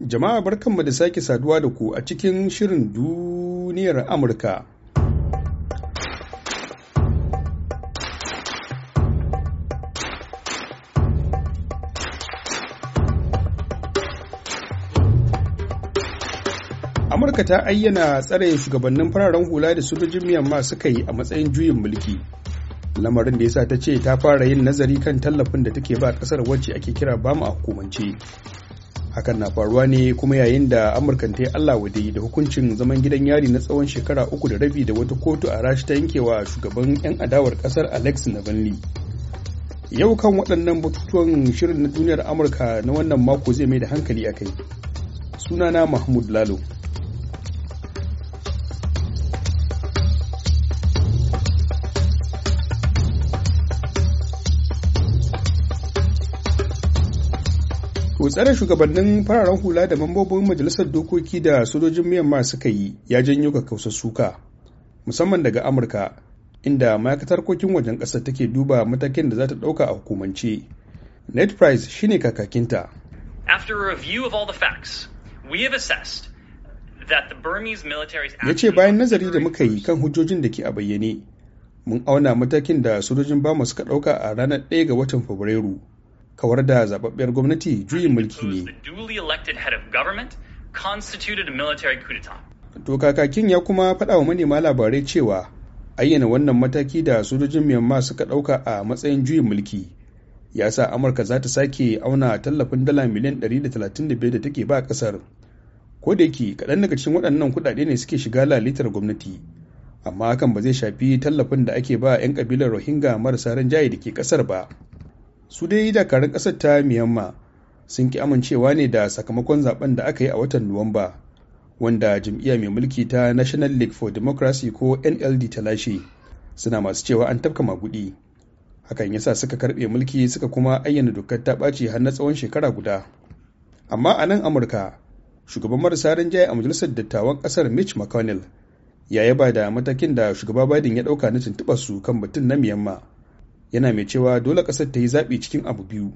Jama'a barkanmu da sake saduwa da ku a cikin shirin duniyar Amurka. Amurka ta ayyana tsare shugabannin fararen hula da sojojin Myanmar suka yi a matsayin juyin mulki. lamarin da yasa ta ce ta fara yin nazari kan tallafin da take ba ƙasar wacce ake kira bamu a hukumance hakan na faruwa ne kuma yayin da amurka ta yi allah wade da hukuncin zaman gidan yari na tsawon shekara uku da rabi da wata kotu a rashi ta yankewa shugaban 'yan adawar kasar alex navalny yau kan waɗannan batutuwan shirin na duniyar amurka na wannan mako zai mai da hankali a kai sunana mahmud lalo gutsare shugabannin fararen hula da mambobin majalisar dokoki da sojojin myanmar suka yi ya janyo kausar suka musamman daga amurka inda ma'aikatar kokin wajen ƙasar take duba matakin da za ta ɗauka a hukumance net price shine kakakinta after a review of all the facts we have assessed ya ce bayan nazari da muka yi kan hujjojin da ke a bayyane mun auna matakin da sojojin bama suka ɗauka a ranar 1 ga watan fabrairu kawar da zababbiyar gwamnati juyin mulki ne To kakakin ya kuma faɗa wa manema labarai cewa ayyana wannan mataki da sojojin Myanmar suka ɗauka a matsayin juyin mulki ya sa Amurka za ta sake auna tallafin dala miliyan 135 da take ba ƙasar. Ko da yake kaɗan daga cikin waɗannan kuɗaɗe ne suke shiga lalitar gwamnati, amma hakan ba zai shafi tallafin da ake ba 'yan ƙabilar Rohingya marasa ranjaye da ke ƙasar ba. su dai dakarun ƙasar ta miyamma sun ki amincewa ne da sakamakon zaben da aka yi a watan nuwamba wanda jam'iyya mai mulki ta national league for democracy ko nld ta lashe suna masu cewa an tafka magudi hakan yasa suka karbe mulki suka kuma ayyana dokar ta ɓaci har na tsawon shekara guda amma a nan amurka shugaban marasa rinjaye a majalisar dattawan ƙasar mitch mcconnell ya yaba da matakin da shugaba biden ya ɗauka na tuntuɓar su kan batun na miyamma yana mai cewa dole ƙasar ta yi zaɓi cikin abu biyu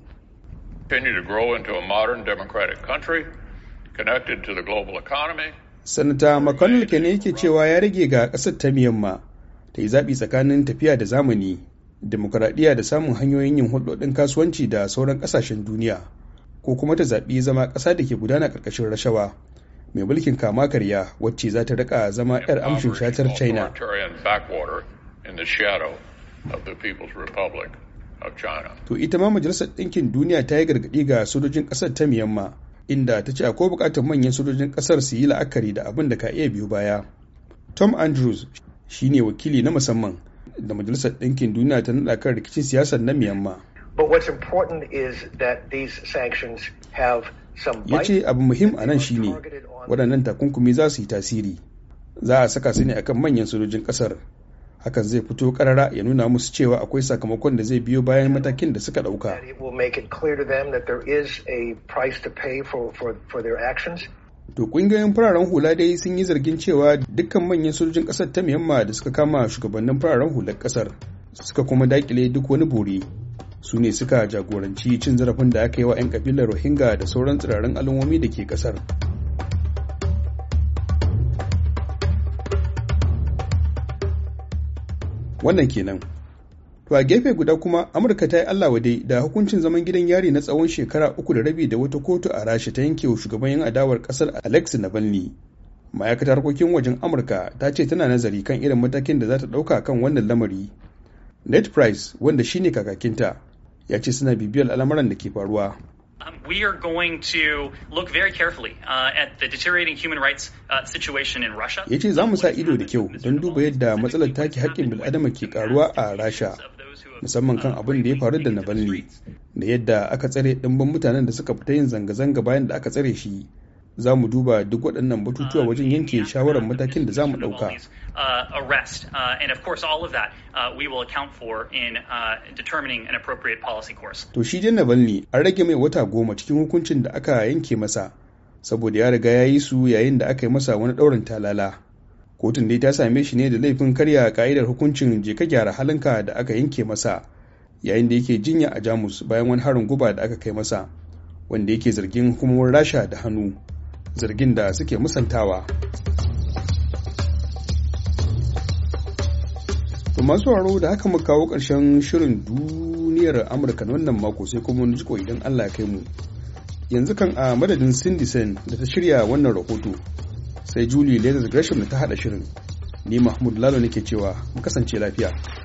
sanata mcconnell ke ne yake cewa ya rage ga ƙasar ta miyamma ta yi zaɓi tsakanin tafiya da zamani demokuraɗiyya da samun hanyoyin yin hulɗoɗin kasuwanci da sauran ƙasashen duniya ko kuma ta zaɓi zama ƙasa da ke gudana ƙarƙashin rashawa mai mulkin kama karya wacce za ta riƙa zama 'yar amshin shatar china the People's Republic China. To ita ma Majalisar Ɗinkin Duniya ta yi gargaɗi ga sojojin ƙasar ta miyamma inda ta ce akwai buƙatar manyan sojojin ƙasar su yi la'akari da abin da ka iya biyu baya. Tom Andrews shi ne wakili na musamman da Majalisar Ɗinkin Duniya ta naɗa kan rikicin siyasar na miyamma. But what's important is that these sanctions have ya ce abu muhim a nan shine waɗannan takunkumi za su yi tasiri za a saka su ne akan manyan sojojin ƙasar hakan zai fito karara ya nuna musu cewa akwai sakamakon da zai biyo bayan matakin da suka dauka to kungiyoyin fararen hula dai sun yi zargin cewa dukkan manyan sojojin kasar ta miyamma da suka kama shugabannin fararen hular kasar suka kuma dakile duk wani bore su ne suka jagoranci cin zarafin da aka yi wa 'yan kabilar rohingya da sauran tsirarin al'ummomi da ke kasar. wannan kenan to a gefe guda kuma amurka ta yi allah wadai da hukuncin zaman gidan yari na tsawon shekara uku da rabi da wata kotu a rasha ta yanke wa shugaban yan adawar kasar alexi navalny ma'aikatar harkokin wajen amurka ta ce tana nazari kan irin matakin da za ta ɗauka kan wannan lamari net price wanda shine kakakinta ya ce suna bibiyar al'amuran da ke faruwa Um, we are going to look very carefully uh, at the deteriorating human rights uh, situation in Russia. Ya ce za mu sa ido da kyau don duba yadda matsalar take haƙƙin bil'adama ke karuwa a Rasha, musamman kan abin da ya faru da Navalny, da yadda aka tsare ɗimbin mutanen da suka fita yin zanga-zanga bayan da aka tsare shi. za mu duba duk waɗannan batutuwa uh, wajen yanke shawarar matakin da za mu ɗauka. To shi dai Navalny an rage mai wata goma cikin hukuncin da aka yanke masa saboda ya riga ya yi su yayin da aka yi masa wani ɗaurin talala. Kotun dai ta same shi ne da laifin karya ka'idar hukuncin je ka gyara halinka da aka yanke masa yayin da yake jinya a Jamus bayan wani harin guba da aka kai masa wanda yake zargin hukumomin Rasha da hannu. zargin da suke musantawa masu sauraro da haka mu kawo ƙarshen shirin duniyar amurka na wannan mako sai kuma wani jiko idan allah kai mu yanzu kan a madadin cindy sen da ta shirya wannan rahoto sai julie lezard gresham da ta hada shirin ni mahmud lalo nake cewa mu kasance lafiya